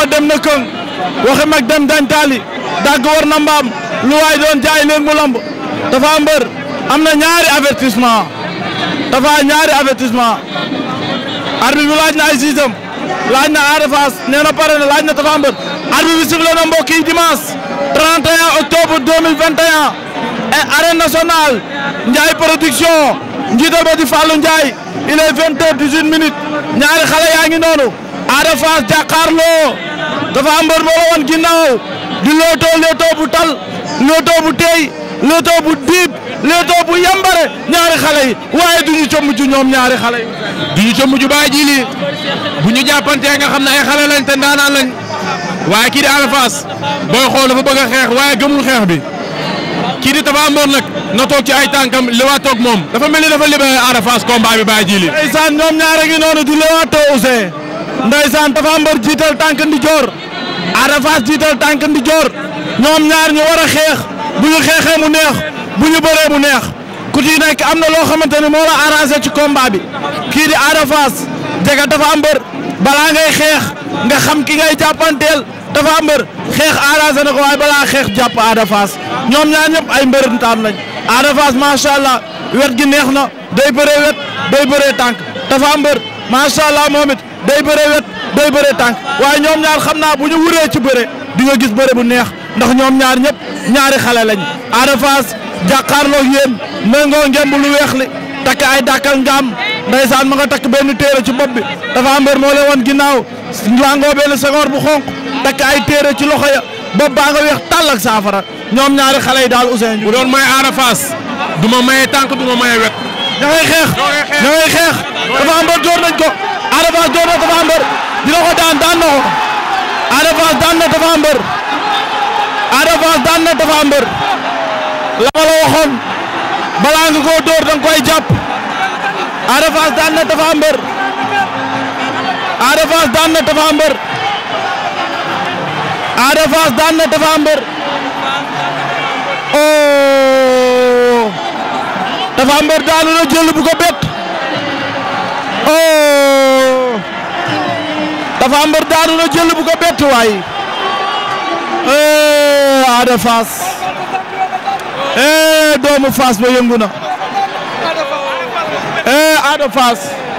Awa dem na këng waxi mag dem dantaali dagg war na mbaam lu waay doon jaay leen mu lamb Tapha Mbeur am na ñaari avertissement Tapha ñaari avertissement arbitre bi laaj na ay siisam laaj na Ada Fass nee na pare na laaj na Tapha Mbeur arbitre bi sifflé na mbokk yi dimanche 31 octobre 2021 et arène nationale Ndiaye production njiital ba di Fallou Ndiaye il est 20 heures 18 minutes ñaari xale yaa ngi noonu Ada Fass jàkkaarloo dafa am mbër moo la wan ginnaaw di lootoo lootoo bu tal lootoo bu teey lootoo bu diib lootoo bu yambare ñaari xale yi waaye du ñu ca mujj ñoom ñaari xale yi. du ñu ca mujj bàyyi ji lii bu ñu jàppantee nga xam ne ay xale lañ ten ndaanaan lañ waaye kii di Ada Fass booy xool dafa bëgg a xeex waaye gëmul xeex bi kii di Tapha Mbeur nag na toog ci ay tànkam toog moom dafa mel ni dafa libéré Ada Fass combat bi bàyyi ji lii. ndeysaan ñoom ñaare ngi noonu ndeysaan Tapha Mbeur jiital tànk ndi joor Ada Fass jiital tànk ndi joor ñoom ñaar ñu war xeex bu ñu xeexee mu neex bu ñu bëree mu neex ku ci nekk am na loo xamante ni moo la ci combat bi kii di Ada Fass jege Tapha Mbeur balaa ngay xeex nga xam ki ngay jàppanteel Tapha Mbeur xeex arrangé na ko waaye balaa xeex jàpp Ada Fass ñoom ñaar ñëpp ay mbërëntaan lañ Ada Fass macha allah wet gi neex na day bëree wet day bëree tànk Tapha Mbeur macha allah moom day bëre wet day bëre tànk waaye ñoom ñaar xam naa bu ñu wuree ci bëre di nga gis bëre bu neex ndax ñoom ñaar ñëpp ñaari xale lañ Ada Fass jàkkaarloog yéen méngoo ngemb lu weex li takk ay dàkkal ngaam ndaysaan ma nga takk benn téere ci bopp bi dafa mbër moo leen woon ginnaaw langoo benn sengoor bu xonq takk ay téere ci loxo ya bopp baa nga weex tàll ak saafara ñoom ñaari xale yi daal Ousseynou bu doon may Ada Fass du ma maye tànk du ma maye wet ña ngay xeex ña xeex Tapha door nañ ko Ada door na Tapha Mbeur dina daan daan na ko Ada daan na Tapha la ma la waxoon balaa nga door danga koy jàpp Ada daan na Tapha Mbeur daan na Tapha Mbeur Tapha Mbeur daanu na jël bu ko bett oh Tapha Mbeur daanu na jël bu ko bett waay eh Ada Fass eh doomu Fass ba yëngu na eh